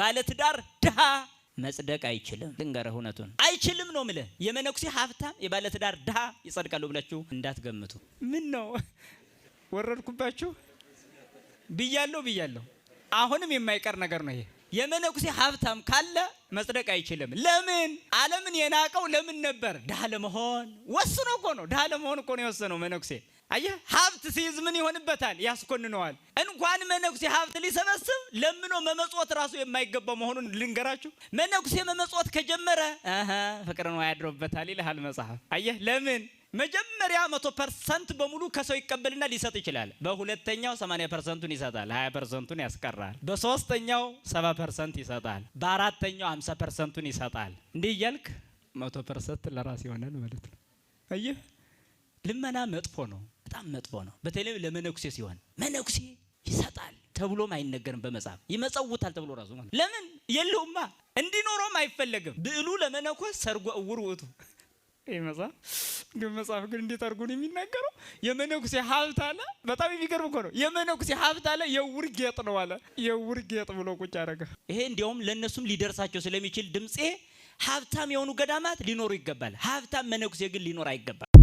ባለትዳር ድሃ መጽደቅ አይችልም። ልንገርህ እውነቱን አይችልም ነው ምልህ። የመነኩሴ ሀብታም፣ የባለትዳር ድሃ ይጸድቃሉ ብላችሁ እንዳትገምቱ። ምን ነው ወረድኩባችሁ? ብያለሁ ብያለሁ። አሁንም የማይቀር ነገር ነው ይሄ። የመነኩሴ ሀብታም ካለ መጽደቅ አይችልም። ለምን? ዓለምን የናቀው ለምን ነበር? ድሃ ለመሆን ወስኖ እኮ ነው። ድሃ ለመሆን እኮ ነው የወሰነው መነኩሴ። አየህ፣ ሀብት ሲይዝ ምን ይሆንበታል? ያስኮንነዋል። እንኳን መነኩሴ ሀብት ሊሰበስብ ለምኖ መመጽወት ራሱ የማይገባው መሆኑን ልንገራችሁ። መነኩሴ መመጽወት ከጀመረ ፍቅርን ያድሮበታል ይልሃል መጽሐፍ። አየህ ለምን መጀመሪያ መቶ ፐርሰንት በሙሉ ከሰው ይቀበልና ሊሰጥ ይችላል። በሁለተኛው 80 ፐርሰንቱን ይሰጣል፣ 20 ፐርሰንቱን ያስቀራል። በሶስተኛው 70 ፐርሰንት ይሰጣል፣ በአራተኛው 50 ፐርሰንቱን ይሰጣል። እንዲህ እያልክ መቶ ፐርሰንት ለራስ ይሆናል ማለት ነው። አየህ ልመና መጥፎ ነው፣ በጣም መጥፎ ነው። በተለይ ለመነኩሴ ሲሆን መነኩሴ ይሰጣል ተብሎም አይነገርም በመጽሐፍ ይመጸውታል ተብሎ ራሱ ማለት ለምን የለውማ እንዲኖረውም አይፈለግም። ብዕሉ ለመነኮስ ሰርጎ እውር ውእቱ ይህ መጽሐፍ ግን መጽሐፍ ግን እንዴት አድርጎ ነው የሚናገረው? የመነኩሴ ሀብት አለ። በጣም የሚገርም እኮ ነው። የመነኩሴ ሀብት አለ፣ የውር ጌጥ ነው አለ። የውር ጌጥ ብሎ ቁጭ አደረገ። ይሄ እንዲያውም ለእነሱም ሊደርሳቸው ስለሚችል ድምፄ ሀብታም የሆኑ ገዳማት ሊኖሩ ይገባል። ሀብታም መነኩሴ ግን ሊኖር አይገባል።